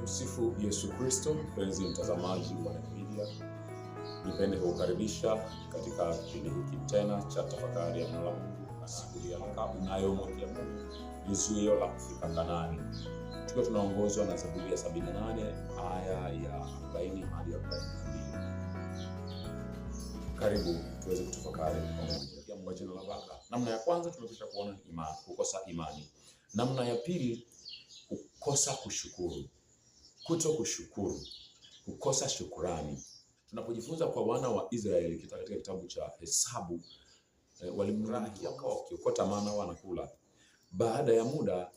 Tumsifu Yesu Kristo. Mpenzi mtazamaji wa Media, nipende kukaribisha katika kipindi hiki tena cha tafakari ya neno la Mungu na siku ya Lakabu nayo moja Mungu ni zuio la kufika Kanaani, tukiwa tunaongozwa na Zaburi ya 78 aya ya 40 hadi 42. Karibu tuweze kutafakari pamoja jina la Baba. Namna ya kwanza tumekwisha kuona imani, kukosa imani. Namna ya pili kukosa kushukuru kuto kushukuru, kukosa shukurani. Tunapojifunza kwa wana wa Israeli katika kitabu cha Hesabu e, eh, walimnunukia wakiokota mana wanakula. Baada ya muda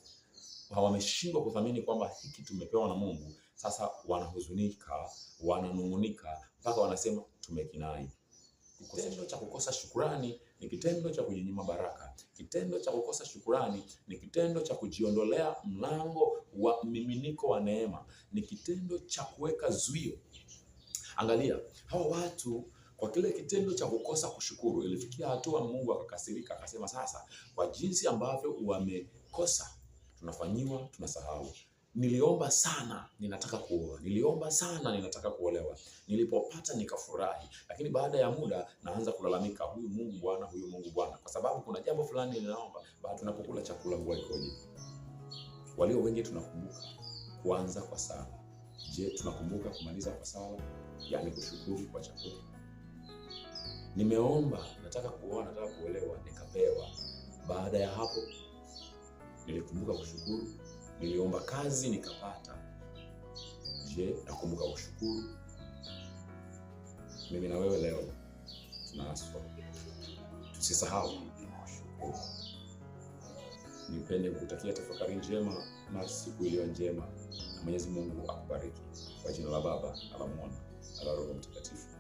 wameshindwa kuthamini kwamba hiki tumepewa na Mungu. Sasa wanahuzunika, wananungunika mpaka wanasema tumekinai. Kitendo cha kukosa shukurani ni kitendo cha kujinyima baraka. Kitendo cha kukosa shukurani ni kitendo cha kujiondolea mlango wa miminiko wa neema, ni kitendo cha kuweka zuio. Angalia hawa watu kwa kile kitendo cha kukosa kushukuru, ilifikia hatua Mungu akakasirika, akasema, sasa kwa jinsi ambavyo wamekosa, tunafanyiwa tunasahau niliomba sana ninataka kuoa, niliomba sana ninataka kuolewa, nilipopata nikafurahi, lakini baada ya muda naanza kulalamika, huyu Mungu bwana, huyu Mungu bwana, kwa sababu kuna jambo fulani ninaomba. Baada tunapokula chakula, mvua ikoje? Walio wengi tunakumbuka kuanza kwa sala. Je, tunakumbuka kumaliza kwa sala, yani kushukuru kwa chakula? Nimeomba, nataka kuoa, nataka kuolewa, nikapewa. Baada ya hapo nilikumbuka kushukuru Niliomba kazi nikapata. Je, nakumbuka kushukuru? Mimi na wewe leo tunaaswa tusisahau kushukuru. Nipende kukutakia tafakari njema na siku iliyo njema, na Mwenyezi Mungu akubariki. Kwa jina la Baba na la Mwana na la Roho Mtakatifu.